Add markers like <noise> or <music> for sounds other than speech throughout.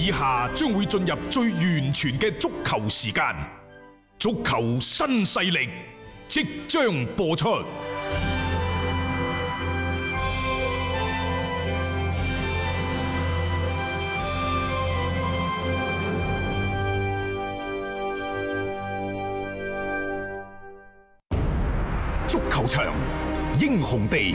以下將會進入最完全嘅足球時間，足球新勢力即將播出。足球場，英雄地。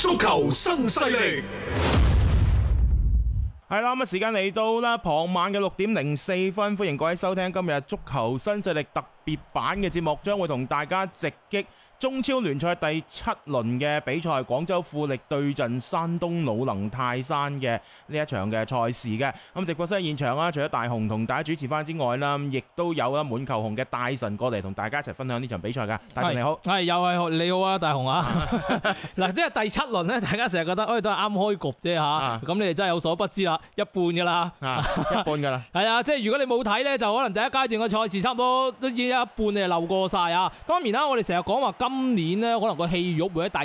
足球新勢力，係啦咁啊！時間嚟到啦，傍晚嘅六點零四分，歡迎各位收聽今日足球新勢力特別版嘅節目，將會同大家直擊。中超聯賽第七輪嘅比賽，廣州富力對陣山東魯能泰山嘅呢一場嘅賽事嘅。咁直播室現場啦，除咗大雄同大家主持翻之外啦，亦都有啦滿球紅嘅大神過嚟同大家一齊分享呢場比賽嘅。大神你好，係又係你好啊，大雄啊。嗱，即係第七輪咧，大家成日覺得，哎，都係啱開局啫吓。咁你哋真係有所不知啦，一半噶啦，一半噶啦。係啊，即係如果你冇睇咧，就可能第一階段嘅賽事差唔多都已有一半你就漏過晒啊。當然啦，我哋成日講話今。今年呢，可能個戲肉會喺第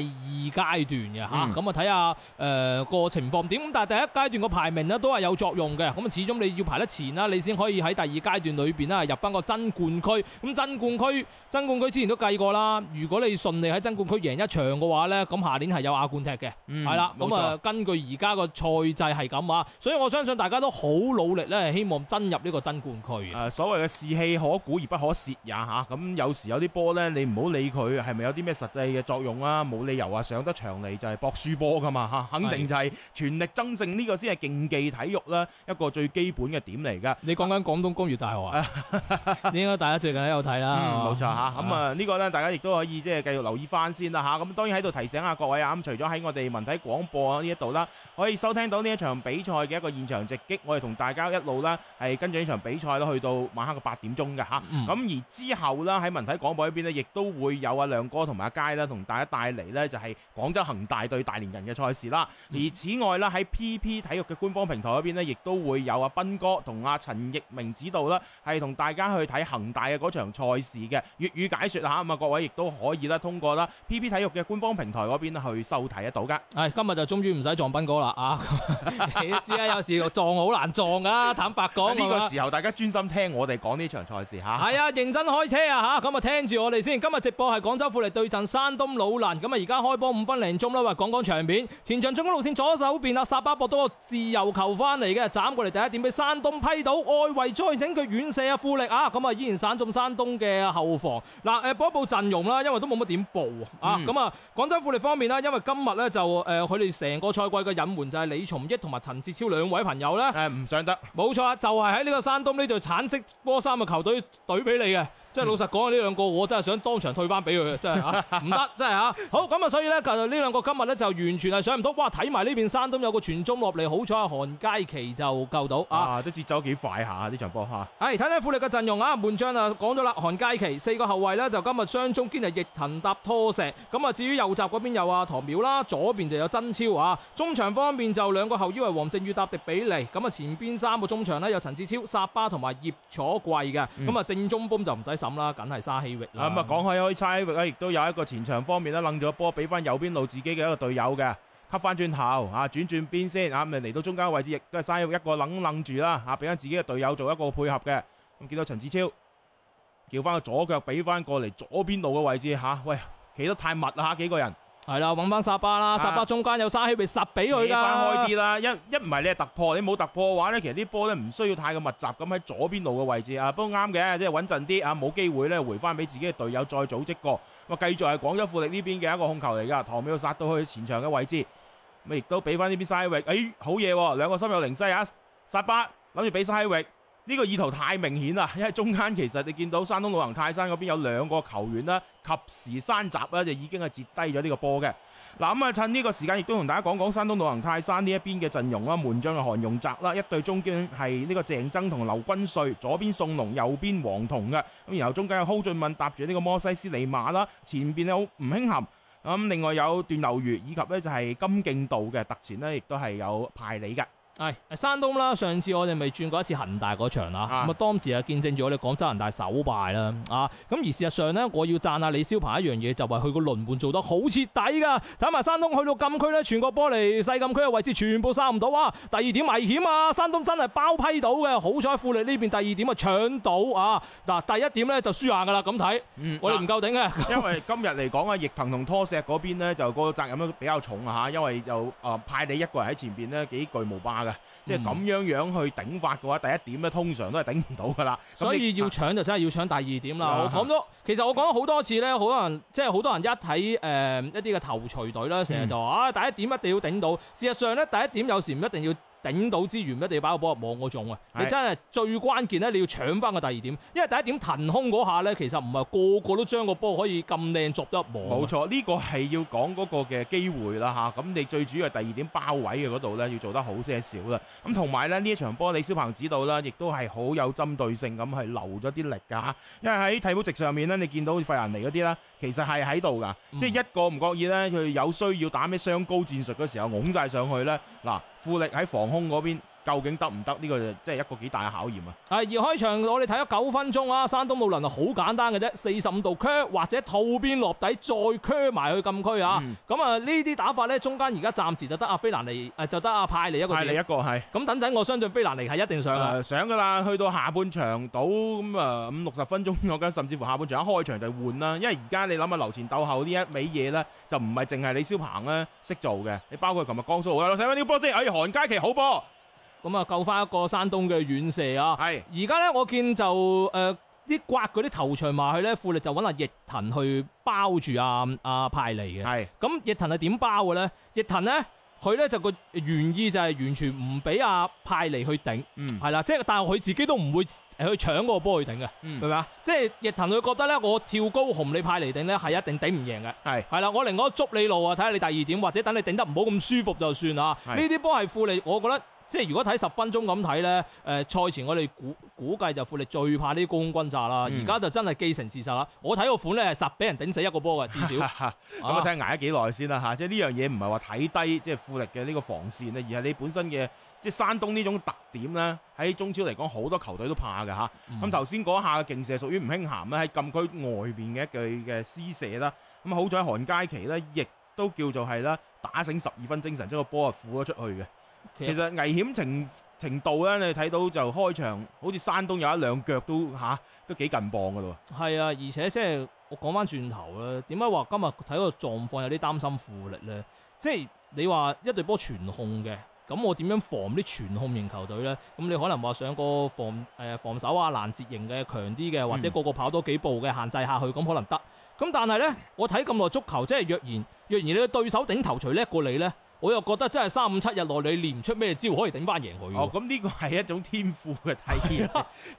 二階段嘅嚇，咁啊睇下誒個、呃、情況點。咁但係第一階段個排名呢，都係有作用嘅。咁啊始終你要排得前啦，你先可以喺第二階段裏面咧入翻個爭冠區。咁爭冠區，爭冠區之前都計過啦。如果你順利喺爭冠區贏一場嘅話呢，咁下年係有亞冠踢嘅，啦、嗯。咁啊，根據而家個賽制係咁啊，所以我相信大家都好努力呢，希望入真入呢個爭冠區。所謂嘅士氣可鼓而不可泄也嚇，咁有時有啲波呢，你唔好理佢係。咪有啲咩實際嘅作用啊？冇理由啊，上得場嚟就係博輸波噶嘛吓！肯定就係全力爭勝呢個先係競技體育啦，一個最基本嘅點嚟噶。你講緊廣東工業大學啊？ <laughs> 應該大家最近喺度睇啦，冇、嗯、錯，咁啊呢個呢，大家亦都可以即係繼續留意翻先啦吓。咁當然喺度提醒下各位啊，咁除咗喺我哋文體廣播呢一度啦，可以收聽到呢一場比賽嘅一個現場直擊，我哋同大家一路啦係跟住呢一場比賽啦，去到晚黑嘅八點鐘㗎吓。咁、嗯、而之後啦，喺文體廣播呢邊呢，亦都會有啊兩。哥同埋阿佳啦，同大家帶嚟呢就係廣州恒大對大連人嘅賽事啦，嗯。而此外啦，喺 PP 體育嘅官方平台嗰邊咧，亦都會有阿斌哥同阿陳奕明指導啦，係同大家去睇恒大嘅嗰場賽事嘅粵語解説嚇。咁啊，各位亦都可以啦，通過啦 PP 體育嘅官方平台嗰邊去收睇得到㗎。係今日就終於唔使撞斌哥啦。啊， <laughs> <laughs> 你知啦，有時撞好難撞㗎。坦白講，呢、呢個時候大家專心聽我哋講呢場賽事嚇。係 <laughs> 啊，認真開車啊嚇。咁啊，聽住我哋先。今日直播係廣州。富力對陣山東魯能，咁啊而家開波五分零鐘啦，喂，講講場面，前場進攻路線左手邊啊，薩巴博多個自由球翻嚟嘅，斬過嚟第一點俾山東批倒，外圍再整佢遠射啊富力啊，咁啊依然散中山東嘅後防，嗱誒播一部陣容啦，因為都冇乜點報、嗯、啊，咁啊廣州富力方面咧，因為今日呢，呃、他們就誒佢哋成個賽季嘅隱瞞就係李松益同埋陳志超兩位朋友呢。誒唔上得，冇錯啊，就係喺呢個山東呢隊橙色波衫嘅球隊隊俾你嘅。即係老實講，呢兩個我真係想當場退翻俾佢，真係嚇唔得，真係嚇。好咁啊，所以咧，就呢兩個今日呢就完全係想唔到，哇！睇埋呢邊山東有個傳中落嚟，好彩啊，啊看看！韓佳琪就救到啊，都節奏幾快下呢場波嚇。係睇睇富力嘅陣容啊，門將啊講咗啦，韓佳琪四個後衞呢就今日雙中堅係易騰搭拖石，咁啊至於右閘嗰邊有啊唐淼啦，左邊就有曾超啊，中場方面就兩個後腰係黃正宇搭迪比利。咁啊前邊三個中場呢，有陳志超、薩巴同埋葉楚貴嘅，咁、嗯、啊正中鋒就唔使。咁啦，梗係沙希域啦。咁啊，講開沙希域咧，亦都有一個前場方面咧，掹咗波俾翻右邊路自己嘅一個隊友嘅，吸翻轉頭啊，轉轉邊先啊，咁嚟到中間位置亦都係沙希域一個掹掹住啦，吓俾翻自己嘅隊友做一個配合嘅。咁見到陳子超，叫翻個左腳俾翻過嚟左邊路嘅位置吓、啊，喂，企得太密啦吓，幾個人。係啦，搵翻沙巴啦，沙、啊、巴中間有沙希被殺俾佢啦，扯翻開啲啦，一一唔係你係突破，你冇突破嘅話呢，其實啲波呢唔需要太過密集咁喺左邊路嘅位置啊。不過啱嘅，即係穩陣啲啊，冇機會呢，回翻俾自己嘅隊友再組織過。咁啊，繼續係廣州富力呢邊嘅一個控球嚟噶，唐淼殺到去前場嘅位置，亦都俾翻呢邊沙希域，哎，好嘢，啊，兩個心有靈犀啊！沙巴諗住俾沙希域。呢、這個意圖太明顯啦，因為中間其實你見到山東魯能泰山嗰邊有兩個球員啦，及時山閘咧就已經係截低咗呢個波嘅。嗱，咁啊趁呢個時間，亦都同大家講講山東魯能泰山呢一邊嘅陣容啦。門將嘅韓容澤啦，一對中堅係呢個鄭增同劉軍帥，左邊宋龍，右邊黃銅嘅。咁然後中間有蒿俊閔搭住呢個摩西斯尼馬啦，前邊有吳興涵，咁另外有段劉愚以及呢就係金敬道嘅特前咧，亦都係有派你嘅。係、哎，山東啦，上次我哋咪轉過一次恒大嗰場啊。咁啊當時啊見證咗我哋廣州恒大首敗啦，啊，咁而事實上呢，我要贊下李霄鵬一樣嘢，就係、是、佢個輪換做得好徹底噶，睇埋山東去到禁區呢，全個玻璃細禁區嘅位置全部收唔、啊、到，到，啊。第二點危險啊，山東真係包批到嘅，好彩富力呢邊第二點啊搶到啊，嗱，第一點呢就輸硬噶啦，咁睇、嗯，我哋唔夠頂嘅，因為今日嚟講啊，翼騰同拖石嗰邊呢，就個責任都比較重吓，因為就啊、呃、派你一個人喺前邊呢，幾巨無霸。即係咁樣樣去頂法嘅話，第一點咧通常都係頂唔到噶啦，嗯、所以要搶就真係要搶第二點啦。啊、我講其實我講咗好多次呢，好多人即係好多人一睇誒、呃、一啲嘅頭槌隊咧，成日就話啊第一點一定要頂到，事實上呢，第一點有時唔一定要。頂到之餘，唔一定把個波入網嗰種啊！你真係最關鍵咧，你要搶翻個第二點，因為第一點騰空嗰下咧，其實唔係個個都將個波可以咁靚捉得網。冇錯，呢、呢個係要講嗰個嘅機會啦吓，咁你最主要係第二點包位嘅嗰度咧，要做得好些少啦。咁同埋咧呢場波，李霄鵬指導啦，亦都係好有針對性咁係留咗啲力㗎嚇。因為喺替補席上面咧，你見到費蘭尼嗰啲啦，其實係喺度㗎，即係一個唔覺意咧，佢有需要打咩雙高戰術嘅時候，拱晒上去咧。嗱，富力喺防空嗰邊。究竟得唔得呢個？即係一個幾大嘅考驗啊！啊，而開場我哋睇咗九分鐘啊，山東魯能啊好簡單嘅啫，四十五度 c 或者套邊落底再 c 埋去禁區啊。咁啊呢啲打法呢，中間而家暫時就得阿菲蘭尼就得阿派嚟，一個派嚟一個係。咁等陣，我相信菲蘭尼係一定上嘅，呃，上噶啦。去到下半場到咁啊五六十分鐘咗緊，甚至乎下半場一開場就換啦。因為而家你諗下，留前鬥後呢一尾嘢呢，就唔係淨係李霄鵬呢識做嘅。你包括琴日江蘇，我睇翻呢波先，哎韓佳奇好波。咁啊，救翻一個山東嘅遠射啊！係而家咧，我見就誒啲、呃、刮嗰啲頭長埋去咧，富力就揾阿易騰去包住阿、啊、阿、啊、派嚟嘅。係咁，易騰係點包嘅咧？易騰咧，佢咧就個原意就係完全唔俾阿派嚟去頂，係、嗯、啦，即係但係佢自己都唔會去搶嗰個波去頂嘅，明、嗯、咪？啊？即係易騰佢覺得咧，我跳高紅你派嚟頂咧係一定頂唔贏嘅，係係啦。我寧可捉你路啊，睇下你第二點，或者等你頂得唔好咁舒服就算啦。呢啲波係富力，我覺得。即係如果睇十分鐘咁睇呢，誒、呃、賽前我哋估估計就富力最怕啲高空轟炸啦。而、嗯、家就真係既成事實啦。我睇個款呢係實俾人頂死一個波嘅，至少咁啊，啊，睇挨咗幾耐先啦。即係呢樣嘢唔係話睇低即係、就是、富力嘅呢個防線，而係你本身嘅即係山東呢種特點呢，喺中超嚟講好多球隊都怕嘅。咁頭先嗰下嘅勁射屬於吳興涵呢，喺禁區外面嘅一記嘅施射啦。咁好在韓佳奇呢，亦都叫做係啦，打醒十二分精神將個波啊撫咗出去嘅。其實，其實危險程程度咧，你睇到就開場好似山東有一兩腳都吓、啊，都幾近磅噶咯。係啊，而且即、就、係、是、我講翻轉頭咧，點解話今日睇個狀況有啲擔心富力呢？即、就、係、是、你話一隊波全控嘅，咁我點樣防啲全控型球隊呢？咁你可能話上個防誒、呃、防守啊攔截型嘅強啲嘅，或者個個多跑多幾步嘅、嗯、限制下去，咁可能得。咁但係呢，我睇咁耐足球，即、就、係、是、若然若然你嘅對手頂頭除叻過你呢。.我又覺得真係三五七日內你練唔出咩招，可以頂翻贏佢。哦，咁呢個係一種天賦嘅體現，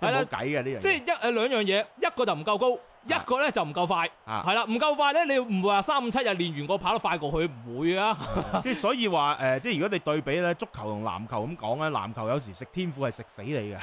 係啦，冇計嘅呢樣。即係一誒兩樣嘢，一個就唔夠高。一個咧就唔夠快，係啦，唔夠快咧，你唔會話三五七日練完個跑都快過佢，唔會啊、 <laughs> 呃！即係所以話誒，即係如果你對比咧，足球同籃球咁講咧，籃球有時食天賦係食死你嘅，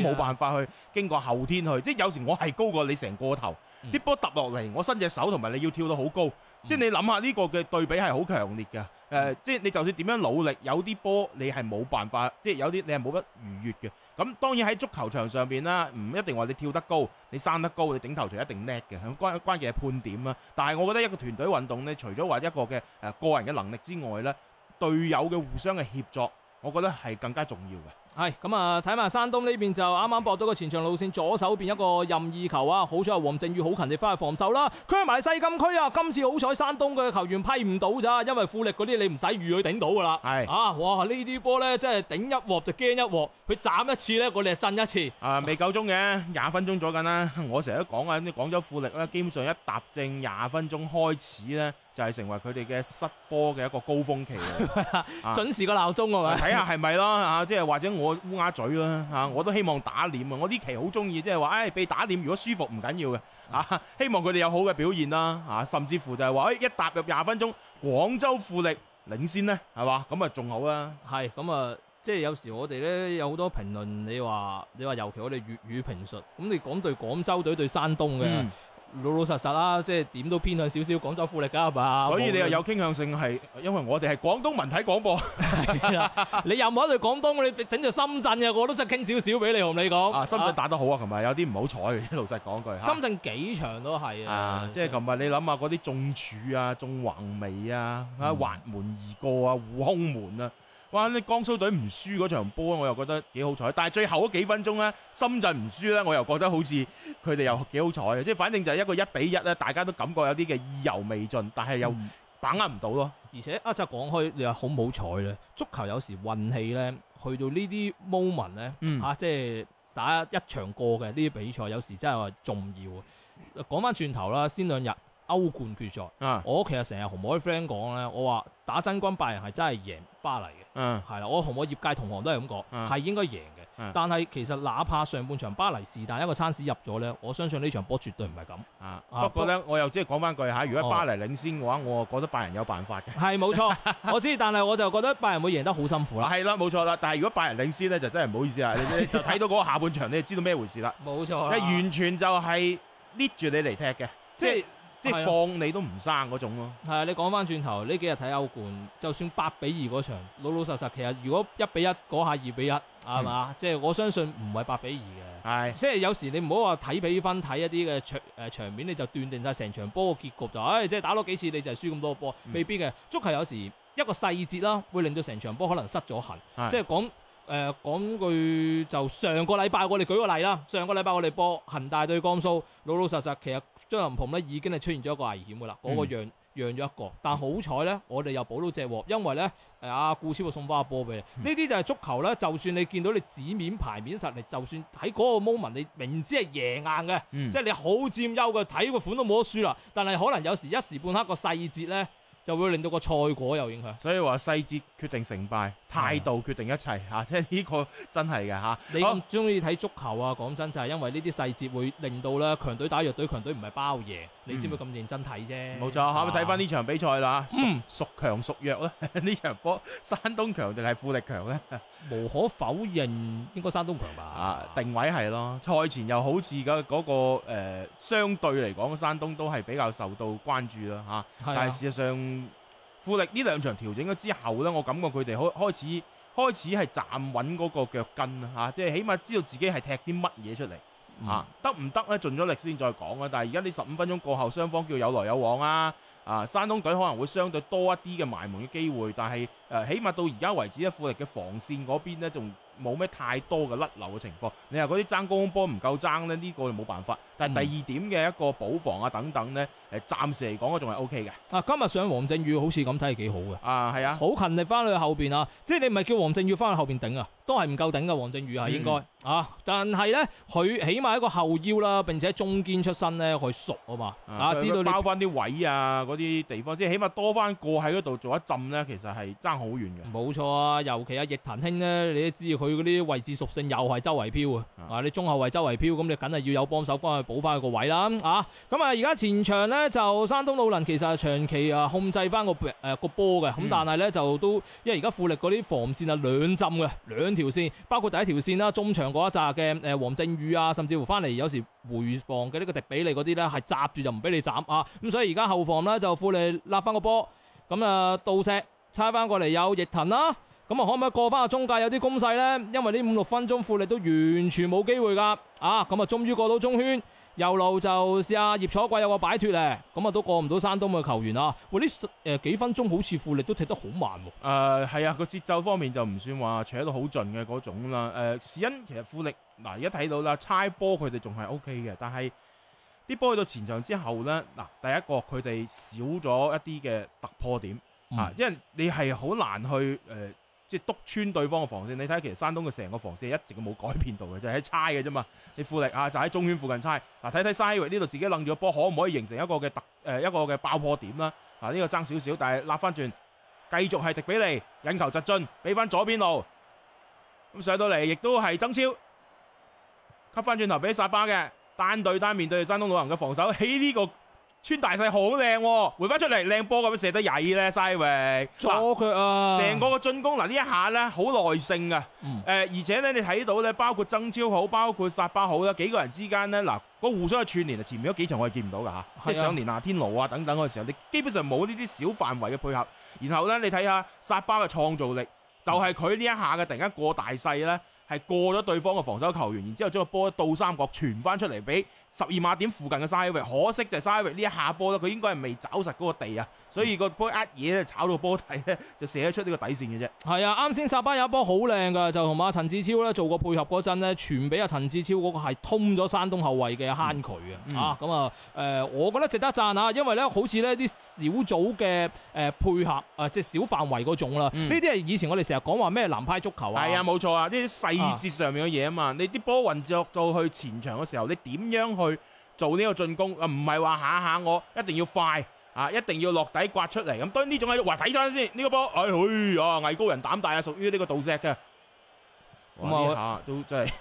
冇辦法去經過後天去。即係有時我係高過你成個頭，啲波揼落嚟，我伸隻手同埋你要跳到好高。嗯、即係你諗下呢個嘅對比係好強烈嘅。誒、呃，即係你就算點樣努力，有啲波你係冇辦法，即係有啲你係冇得逾越嘅。咁當然喺足球場上邊啦，唔一定話你跳得高，你生得高，你頂頭就一定叻嘅。關關鍵係判點啦。但係我覺得一個團隊運動呢，除咗話一個嘅誒個人嘅能力之外呢，隊友嘅互相嘅協作，我覺得係更加重要嘅。係咁啊！睇埋山東呢邊就啱啱博到個前場路線，左手邊一個任意球啊！好彩黃正宇好勤力翻去防守啦 q 埋西禁區啊！今次好彩山東嘅球員批唔到咋，因為富力嗰啲你唔使預佢頂到噶啦。係啊，哇！呢啲波呢真係頂一鑊就驚一鑊，佢斬一次呢，我哋就震一次啊！未夠鐘嘅，廿分鐘左近啦。我成日都講啊，啲廣州富力咧，基本上一踏正廿分鐘開始咧。就係、是、成為佢哋嘅失波嘅一個高峰期， <laughs> 準時個鬧鐘我睇下係咪咯嚇，即、啊、係 <laughs> 或者我烏鴉嘴啦嚇，我都希望打臉啊！我呢期好中意，即係話誒被打臉，如果舒服唔緊要嘅嚇，希望佢哋有好嘅表現啦嚇、啊，甚至乎就係話誒一踏入廿分鐘，廣州富力領先是吧是、呃、是呢，係嘛？咁啊仲好啊，係咁啊，即係有時我哋咧有好多評論，你話你話尤其我哋粵語評述，咁你講對廣州隊對，對山東嘅。嗯老老實實啦，即係點都偏向少少廣州富力噶係嘛，所以你又有傾向性係，因為我哋係廣東文體廣播，係 <laughs> 啦，你又唔好對廣東，你整住深圳嘅，我都真係傾少少俾你同你講。啊，深圳打得好啊，同、啊、埋有啲唔好彩，老實講一句。深圳幾場都係啊，啊，即係琴日你諗下嗰啲中柱啊、中橫尾啊、啊橫門而過啊、護、嗯、空門啊。哇！啲江蘇隊唔輸嗰場波，我又覺得幾好彩。但係最後嗰幾分鐘呢，深圳唔輸呢，我又覺得好似佢哋又幾好彩。即係反正就係一個一比一呢，大家都感覺有啲嘅意猶未盡，但係又把握唔到咯。而且啊，真係講開，你話好唔好彩呢？足球有時運氣呢，去到呢啲 moment 呢，即、嗯、係、啊就係、打一場過嘅呢啲比賽，有時真係話重要。講翻轉頭啦，先兩日。歐冠決賽、嗯，我其實成日同我啲 friend 講咧，我話打真軍拜仁係真係贏巴黎嘅，係、嗯、啦，我同我業界同行都係咁講，係、嗯、應該贏嘅、嗯。但係其實哪怕上半場巴黎是但一個 chance 入咗呢，我相信呢場波絕對唔係咁。不過呢，我又即係講翻句嚇，如果巴黎領先嘅話，我覺得拜仁有辦法嘅、嗯。係冇錯， <laughs> 我知，但係我就覺得拜仁會贏得好辛苦啦。係啦，冇錯啦。但係如果拜仁領先呢，就真係唔好意思呀。 <laughs> 你睇到嗰個下半場，你就知道咩回事啦。冇錯，完全就係捏住你嚟踢嘅，即係。即係放你都唔生嗰種咯。係啊，你講翻轉頭呢幾日睇歐冠，就算八比二嗰場，老老實實其實如果一比一，嗰下二比一係嘛？即係我相信唔係八比二嘅。係，即係有時你唔好話睇比分，睇一啲嘅場面你就斷定晒成場波嘅結局就，唉、哎，即係打多幾次你就係輸咁多波，未必嘅。嗯、足球有時一個細節啦，會令到成場波可能失咗痕。即係講。誒、呃、講句就上個禮拜我哋舉個例啦，上個禮拜我哋播恒大對江蘇，老老實實其實張林鵬咧已經係出現咗一個危險噶啦，嗰、嗯那個讓讓咗一個，但好彩咧我哋又補到隻鑊，因為咧誒阿顧超會送返個波俾你，呢、嗯、啲就係足球咧，就算你見到你紙面牌面實力，就算喺嗰個 moment 你明知係贏硬嘅，即、嗯、係、就是、你好佔優嘅，睇個款都冇得輸啦，但係可能有時一時半刻個細節咧，就會令到個賽果有影響，所以話細節決定勝敗，態度決定一切嚇，即係呢個真係嘅嚇。你咁中意睇足球啊？講真就係因為呢啲細節會令到咧，強隊打弱隊，強隊唔係包贏，嗯、你先會咁認真睇啫。冇錯下面睇翻呢場比賽啦嚇，嗯、熟，孰強孰弱咧？呢 <laughs> 場波，山東強定係富力強咧？無可否認，應該山東強吧？啊，定位係咯，賽前又好似嗰嗰個誒、呃，相對嚟講，山東都係比較受到關注啦，吓、啊啊。但係事實上，富力呢兩場調整咗之後呢，我感覺佢哋開開始開始係站穩嗰個腳跟吓，即、啊、係起碼知道自己係踢啲乜嘢出嚟，吓、啊，得唔得呢？盡咗力先再講。但係而家呢十五分鐘過後，雙方叫有來有往啊。啊，山東隊可能會相對多一啲嘅埋門嘅機會，但係誒、啊、起碼到而家為止一富力嘅防線嗰邊咧仲冇咩太多嘅甩漏嘅情況。你話嗰啲爭高空波唔夠爭呢，呢、呢個就冇辦法。但係第二點嘅一個補防啊等等呢，誒暫時嚟講咧仲係 O K 嘅。啊，今日上黃正宇好似咁睇係幾好嘅。啊，係啊，好勤力翻去後邊啊，即係你唔係叫黃正宇翻去後邊頂啊，都係唔夠頂嘅黃正宇啊應該嗯嗯。啊，但係呢，佢起碼一個後腰啦，並且中堅出身呢，佢熟啊嘛，啊，啊知道包翻啲位啊啲地方即係起碼多翻過喺嗰度做一陣咧，其實係爭好遠嘅。冇錯啊，尤其阿易騰兄咧，你都知佢嗰啲位置屬性又係周圍飄啊，啊，你中後衛周圍飄，咁你梗係要有幫手幫佢補翻個位啦。啊，咁啊，而、啊、家、啊、前場咧就山東魯能其實係長期啊控制翻、那個誒個波嘅。咁、呃、但係咧、嗯、就都因為而家富力嗰啲防線啊兩浸嘅兩條線，包括第一條線啦，中場嗰一紮嘅誒黃正宇啊，甚至乎翻嚟有時回防嘅呢個迪比利嗰啲咧係閘住就唔俾你斬啊。咁、啊、所以而家後防咧。就富力拉翻個波，咁啊倒射，猜翻過嚟有翼騰啦，咁啊可唔可以過翻個中界？有啲攻勢呢？因為呢五六分鐘富力都完全冇機會噶，啊咁啊終於過到中圈，右路就試下葉楚貴有個擺脫咧，咁啊都過唔到山東嘅球員啊，喂呢誒幾分鐘好似富力都踢得好慢喎。誒係啊，個、呃、節、啊、奏方面就唔算話扯到好盡嘅嗰種啦。誒、呃，事因其實富力嗱而家睇到啦，猜波佢哋仲係 OK 嘅，但係。啲波去到前場之後呢，嗱，第一個佢哋少咗一啲嘅突破點啊、嗯，因為你係好難去誒，即係督穿對方嘅防線。你睇，其實山東嘅成個防線一直都冇改變到嘅，就係喺猜嘅啫嘛。你富力啊，就喺、是、中圈附近猜嗱，睇睇沙耶維呢度自己楞住個波，可唔可以形成一個嘅突誒、呃、一個嘅爆破點啦？啊，呢、這個爭少少，但係立翻轉，繼續係迪比尼引球直進，俾翻左邊路咁上到嚟，亦都係曾超吸翻轉頭俾薩巴嘅。單對單面對山東魯能嘅防守，喺呢個穿大細好靚，回翻出嚟靚波咁樣射得曳咧，西榮。阻佢啊！成個嘅進攻嗱，呢一下咧好耐性啊誒、嗯、而且咧，你睇到咧，包括曾超好，包括薩巴好啦，幾個人之間咧嗱，個互相嘅串聯啊，前面嗰幾場我係見唔到㗎。吓、啊，即係上年夏天奴啊等等嗰時候，你基本上冇呢啲小範圍嘅配合。然後咧，你睇下薩巴嘅創造力，就係佢呢一下嘅突然間過大細咧。嗯係過咗對方嘅防守球員，然之後將個波倒三角傳翻出嚟俾十二碼點附近嘅 s 沙域，可惜就 s 沙域呢一下波咧，佢應該係未走實嗰個地啊，所以個波呃嘢咧，炒到波底咧就射得出呢個底線嘅啫。係啊，啱先薩巴有一波好靚㗎，就同阿陳志超呢做個配合嗰陣咧，傳俾阿陳志超嗰個係通咗山東後衛嘅坑渠、嗯嗯、啊，咁啊誒，我覺得值得讚啊，因為呢好似呢啲小組嘅誒配合啊，即係小範圍嗰種啦，呢啲係以前我哋成日講話咩南派足球啊，係啊，冇錯啊，啲細。意識上面嘅嘢啊嘛，你啲波運作到去前場嘅時候，你點樣去做呢個進攻啊？唔係話下下我，一定要快啊，一定要落底刮出嚟。咁當然呢種嘢，哇！睇翻先呢、這個波，哎呀，大、嗯、啊！藝高人膽大啊，屬於呢個杜石嘅。咁啊，下都真係，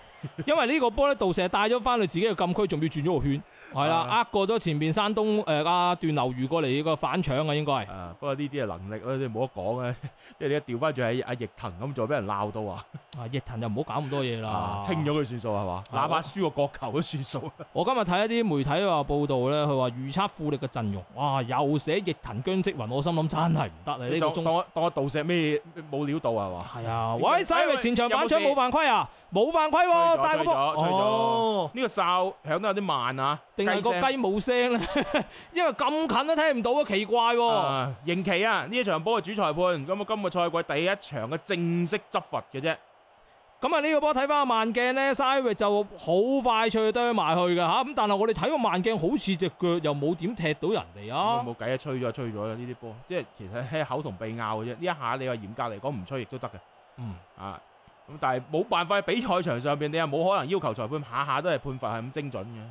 因為呢個波咧，杜石帶咗翻去自己嘅禁區，仲要轉咗個圈。係啦，呃過咗前面山東誒阿、呃、段劉愚過嚟個反搶啊，應該係。啊，不過呢啲啊能力你冇得講啊，即係你一調翻轉係阿易騰咁，就俾人鬧到啊。阿易騰又唔好搞咁多嘢啦，清咗佢算數係嘛？哪怕輸個角球都算數。我今日睇一啲媒體話報道咧，佢話預測富力嘅陣容，哇，又寫易騰姜職雲，我心諗真係唔得啊！呢個中當我當杜石咩冇料到係嘛？係啊、哎，喂，西！前場反搶冇犯規啊，冇犯規、啊，但除咗！呢、哦這個哨響得有啲慢啊。定係個雞冇聲啦， <laughs> 因為咁近都聽唔到啊，奇怪喎。邢奇啊，呢、啊、一、啊、場波嘅主裁判咁啊，今個賽季第一場嘅正式執罰嘅啫。咁、嗯、啊，呢個波睇翻慢鏡呢 s i l e 就好快速快脆剁埋去嘅吓。咁但係我哋睇個慢鏡，好似隻腳又冇點踢到人哋啊。冇計啊，吹咗吹咗呢啲波，即係其實係口同鼻拗嘅啫。呢一下你話嚴格嚟講唔吹亦都得嘅，啊。咁但係冇辦法，比賽場上邊你又冇可能要求裁判下下都係判罰係咁精準嘅。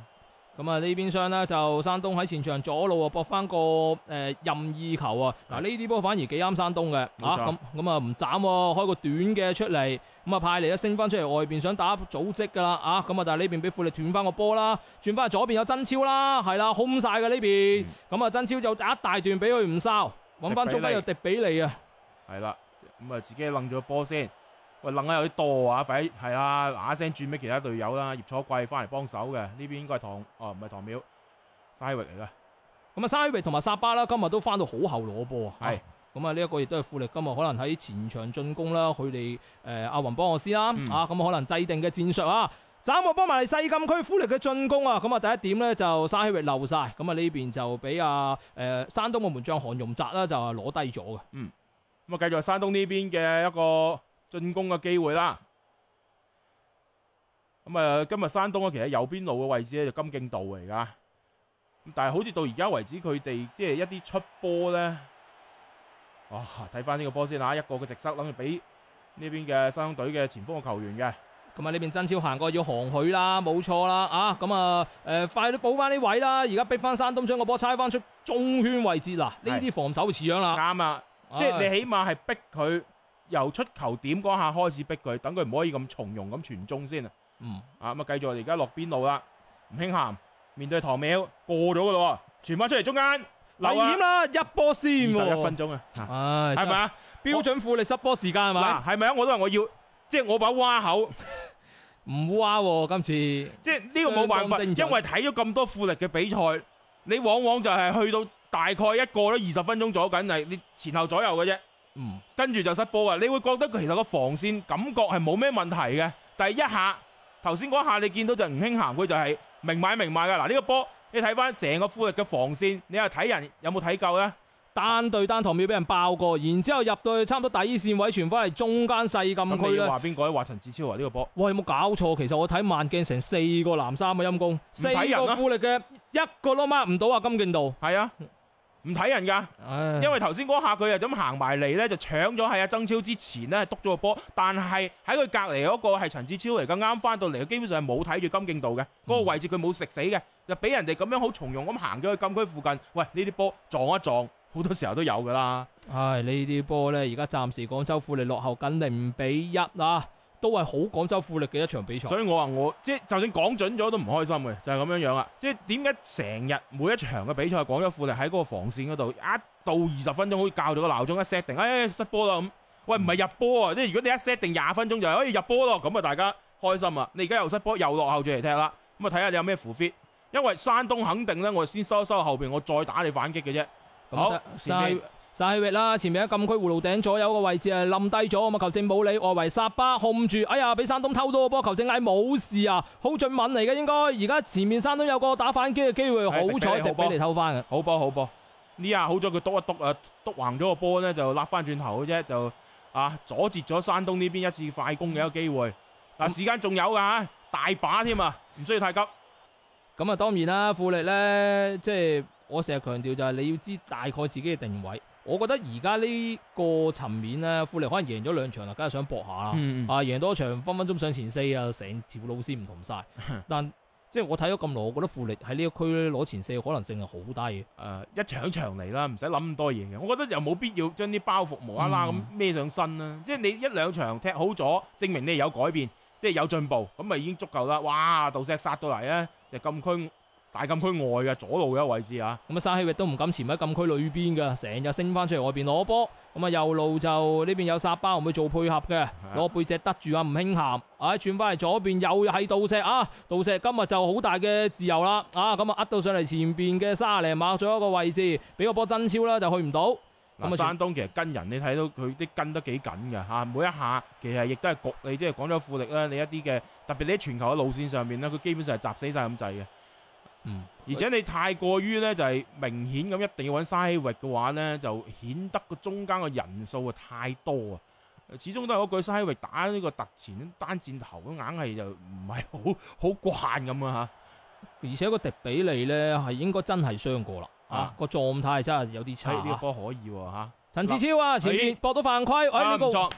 咁啊呢邊廂呢，就山東喺前場左路啊搏翻個誒任意球啊，嗱，呢啲波反而幾啱山東嘅啊。咁咁啊唔斬開個短嘅出嚟，咁啊派嚟一升翻出嚟外邊想打組織噶啦啊。咁啊但係呢邊俾富力斷翻個波啦，轉翻去左邊有曾超啦，係啦，空晒嘅呢邊咁啊，曾超又一大段俾佢唔收，揾翻中間又敵俾你啊，係啦，咁啊自己掹咗波先。喂，楞下有啲多、哦、啊，快啲係啊，嗱一聲轉俾其他隊友啦，葉楚貴翻嚟幫手嘅，呢邊應該係唐哦，唔係唐淼，沙域嚟嘅。咁啊，沙域同埋沙巴啦，今日都翻到好後攞波啊。係，咁啊呢一個亦都係富力今日可能喺前場進攻啦，佢哋誒阿雲波我斯啦，啊咁可能制定嘅戰術啊，斬莫幫埋細禁區富力嘅進攻啊。咁啊第一點咧就沙域漏晒，咁啊呢邊就俾啊，誒、呃、山東嘅門將韓鎔澤啦就係攞低咗嘅。嗯，咁啊繼續山東呢邊嘅一個。進攻嘅機會啦，咁、嗯、啊，今日山東咧，其實右邊路嘅位置咧就金敬道嚟㗎，但係好似到而家為止他們，佢哋即係一啲出波咧，哇！睇翻呢個波先啦，一個嘅直塞，諗住俾呢邊嘅山東隊嘅前鋒嘅球員嘅，咁啊呢邊曾超行過要航佢啦，冇錯啦，啊，咁啊，誒、呃，快啲補翻呢位啦，而家逼翻山東將個波踩翻出中圈位置嗱，呢啲防守似樣啦，啱啊，即係你起碼係逼佢。由出球點嗰下開始逼佢，等佢唔可以咁從容咁傳中先啊！嗯，啊咁啊，繼續，我哋而家落邊路啦，吳興涵面對唐淼過咗噶啦，傳翻出嚟中間，漏險啦，一波先嘅，一分鐘啊，係咪啊？標準富力失波時間係嘛？係咪啊？我都話我要，即係我把蛙口唔蛙，今次即係呢個冇辦法，因為睇咗咁多富力嘅比賽，你往往就係去到大概一個都二十分鐘左右緊，係你前後左右嘅啫。嗯，跟住就失波啊！你會覺得佢其實個防線感覺係冇咩問題嘅，第一下，頭先嗰下你見到就吳興涵，佢就係、是、明買明賣噶。嗱呢個波，你睇翻成個富力嘅防線，你又睇人有冇睇夠呢？單對單唐淼俾人爆過，然之後入去差唔多底線位傳翻嚟，中間細禁區咁話邊個咧？話陳志超話呢個波。哇！有冇搞錯？其實我睇慢鏡成四個藍衫嘅陰功，四個富力嘅一個都孖唔到啊！金敬道係啊。唔睇人噶，因為頭先嗰下佢又咁行埋嚟呢，就搶咗係阿曾超之前呢，篤咗個波。但係喺佢隔離嗰個係陳志超嚟嘅，啱返到嚟，基本上係冇睇住金敬道嘅嗰、嗯、個位置，佢冇食死嘅，就俾人哋咁樣好從容咁行咗去禁區附近。喂，呢啲波撞一撞，好多時候都有噶啦。唉，呢啲波呢，而家暫時廣州富力落後緊零比一啦都係好廣州富力嘅一場比賽，所以我話我即係就算講準咗都唔開心嘅，就係、是、咁樣樣啊！即係點解成日每一場嘅比賽廣州富力喺嗰個防線嗰度一到二十分鐘，可以校到個鬧鐘一 set 定，誒、哎、失波啦咁。喂，唔係入波啊！即、嗯、係如果你一 set 定廿分鐘就可以入波咯，咁啊大家開心啊！你而家又失波，又落後住嚟踢啦，咁啊睇下你有咩 fit，因為山東肯定咧，我先收一收後邊，我再打你反擊嘅啫。好。晒區域啦，前面喺禁區葫蘆頂左右個位置係冧低咗啊嘛！球證冇理，外圍薩巴控住，哎呀，俾山東偷到個波，球證嗌冇事啊，好準穩嚟嘅應該。而家前面山東有個打反擊嘅機會，哎、好彩踢俾你偷翻啊。好波好波，呢下好彩，佢篤一篤啊，篤橫咗個波呢，就甩翻轉頭嘅啫，就啊阻截咗山東呢邊一次快攻嘅一個機會。嗱，時間仲有噶，大把添啊，唔需要太急、嗯。咁、嗯、啊，當然啦，富力呢，即、就、係、是、我成日強調就係你要知大概自己嘅定位。我覺得而家呢個層面咧，富力可能贏咗兩場啦，梗係想搏下啦。嗯嗯啊，贏多一場，分分鐘上前四啊，成條路線唔同晒。呵呵，但即係我睇咗咁耐，我覺得富力喺呢個區攞前四嘅可能性係好低嘅。誒、呃，一場一場嚟啦，唔使諗咁多嘢嘅。我覺得又冇必要將啲包袱無啦啦咁孭上身啦。即係你一兩場踢好咗，證明你有改變，即係有進步，咁咪已經足夠啦。哇，杜石殺到嚟咧，就是、禁區。大禁區外嘅左路嘅位置啊，咁啊，沙希域都唔敢潛喺禁區裏邊嘅，成日升翻出嚟外邊攞波。咁啊，右路就呢邊有沙巴，佢做配合嘅，攞背脊得住啊。吳興涵啊，轉翻嚟左邊又係道石啊，道石今日就好大嘅自由啦。啊，咁啊，呃到上嚟前面嘅三十零碼，左右個位置俾個波真超啦，就去唔到。咁啊，山東其實跟人你睇到佢啲跟得幾緊嘅嚇、啊，每一下其實亦都係局你即係講咗富力啦，你一啲嘅特別你喺全球嘅路線上面呢，佢基本上係集死晒咁滯嘅。嗯，而且你太過於咧就係、是、明顯咁一定要揾沙域嘅話咧，就顯得個中間嘅人數啊太多啊，始終都係嗰句沙域打呢個突前單箭頭，咁硬係就唔係好好慣咁啊吓。而且個迪比利咧係應該真係傷過啦，啊，啊個狀態真係有啲差。呢、啊、波可以喎、啊、吓，陳、啊、志、啊、超啊，哎、前面博到犯規，哎哎啊這個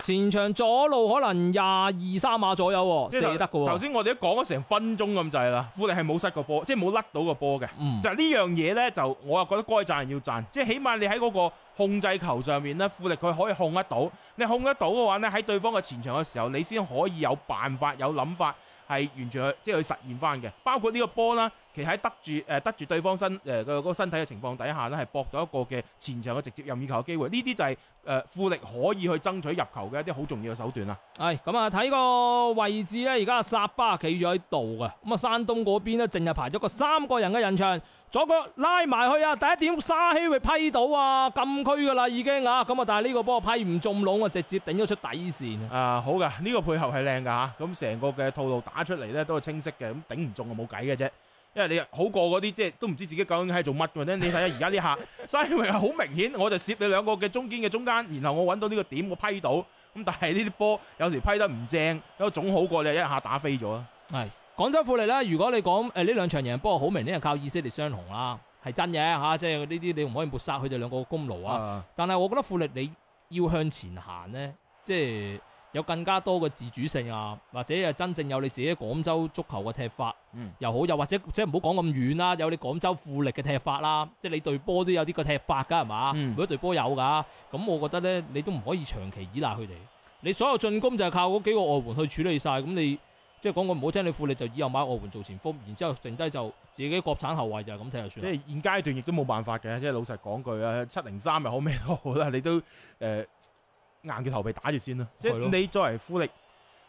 前場左路可能廿二三碼左右，射得過。頭先我哋都講咗成分鐘咁滯啦，富力係冇失個波，即係冇甩到個波嘅。就係呢樣嘢呢，就我又覺得該讚要讚，即係起碼你喺嗰個控制球上面呢，富力佢可以控得到。你控得到嘅話呢，喺對方嘅前場嘅時候，你先可以有辦法有諗法，係完全去即係去實現翻嘅。包括個呢個波啦。其實喺得住誒得住對方身誒、呃嗰個身體嘅情況底下呢係搏到一個嘅前場嘅直接任意球嘅機會。呢啲就係、是、誒、呃、富力可以去爭取入球嘅一啲好重要嘅手段啦。係咁啊，睇個位置咧，而家阿薩巴企咗喺度嘅咁啊，那山東嗰邊咧淨係排咗個三個人嘅人牆，左腳拉埋去啊！第一點沙希域批到啊，禁區嘅啦已經啊，咁啊，但係呢個波批唔中籠啊，直接頂咗出底線啊！好嘅，呢、呢個配合係靚嘅嚇，咁成個嘅套路打出嚟咧都係清晰嘅，咁頂唔中啊冇計嘅啫。因為你好過嗰啲，即係都唔知自己究竟係做乜嘅咧。你睇下而家呢下，所以好明顯，我就攝你兩個嘅中間嘅中間，然後我揾到呢個點，我批到。咁但係呢啲波有時批得唔正，咁總好過你一下打飛咗。係廣州富力咧，如果你講誒呢、呃、兩場贏波好明顯係靠以色列雙雄啦，係真嘅嚇、啊，即係呢啲你唔可以抹殺佢哋兩個嘅功勞啊。是但係我覺得富力你要向前行咧，即係。有更加多嘅自主性啊，或者係真正有你自己廣州足球嘅踢法、嗯，又好，又或者即係唔好講咁遠啦、啊，有你廣州富力嘅踢法啦、啊，即係你隊波都有啲個踢法㗎係嘛？每一隊波有㗎、啊，咁我覺得呢，你都唔可以長期依賴佢哋。你所有進攻就係靠嗰幾個外援去處理晒。咁你即係講句唔好聽，你富力就以後買外援做前鋒，然之後剩低就自己國產後衞就係咁踢就算。即係現階段亦都冇辦法嘅，即係老實講句啊，七零三咪好咩都好啦，你都誒。呃硬住頭皮打住先啦，即係你作為富力，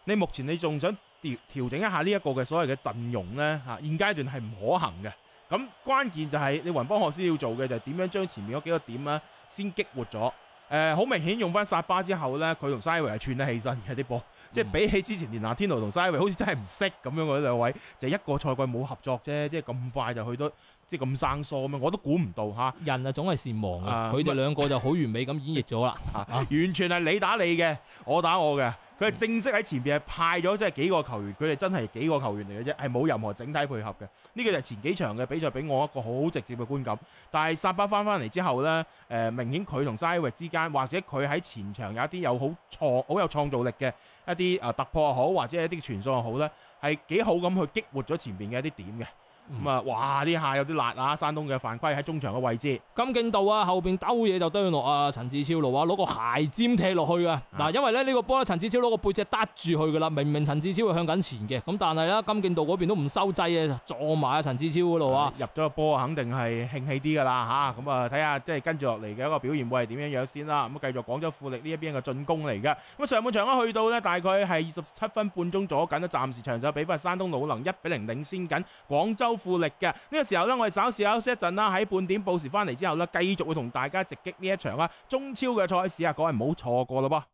你目前你仲想調調整一下呢一個嘅所謂嘅陣容呢？吓現階段係唔可行嘅。咁關鍵就係你雲邦學師要做嘅就係、是、點樣將前面嗰幾個點呢先激活咗。誒、呃，好明顯用翻薩巴之後呢，佢同西維係串得起身嘅啲波，即係比起之前連拿天奴同西 i 好似真係唔識咁樣嘅兩位，就是、一個賽季冇合作啫，即係咁快就去到。即係咁生疏咁我都估唔到嚇。人總係善啊，總係善忘嘅。佢哋兩個就好完美咁演繹咗啦。嚇， <laughs> 完全係你打你嘅，我打我嘅。佢係正式喺前邊係派咗，即係幾個球員。佢、嗯、哋真係幾個球員嚟嘅啫，係冇任何整體配合嘅。呢、呢個就係前幾場嘅比賽俾我一個好直接嘅觀感。但係薩巴翻翻嚟之後呢，誒、呃、明顯佢同沙伊之間，或者佢喺前場有一啲有好創、好有創造力嘅一啲啊、呃、突破好，或者一啲傳送又好呢，係幾好咁去激活咗前面嘅一啲點嘅。咁、嗯、啊，哇！啲下有啲辣啊，山東嘅犯規喺中場嘅位置。金敬道啊，後邊兜嘢就墮落啊，陳志超嗱啊，攞個鞋尖踢落去啊，嗱，因為咧呢個波，陳志超攞個背脊得住佢噶啦，明明陳志超會向緊前嘅，咁但係咧金敬道嗰邊都唔收掣啊，撞埋啊陳志超嗰度啊。入咗個波肯定係興起啲噶啦吓，咁啊睇下即係跟住落嚟嘅一個表現會係點樣樣先啦。咁、啊、繼續廣州富力呢一邊嘅進攻嚟噶。咁上半場啊去到咧大概係二十七分半鐘咗緊啦，暫時場上比分山東魯能一比零領先緊廣州富力嘅呢個時候咧，我哋稍事休息一陣啦，喺半點報時翻嚟之後咧，繼續會同大家直擊呢一場啦，中超嘅賽事啊，各位唔好錯過咯噃。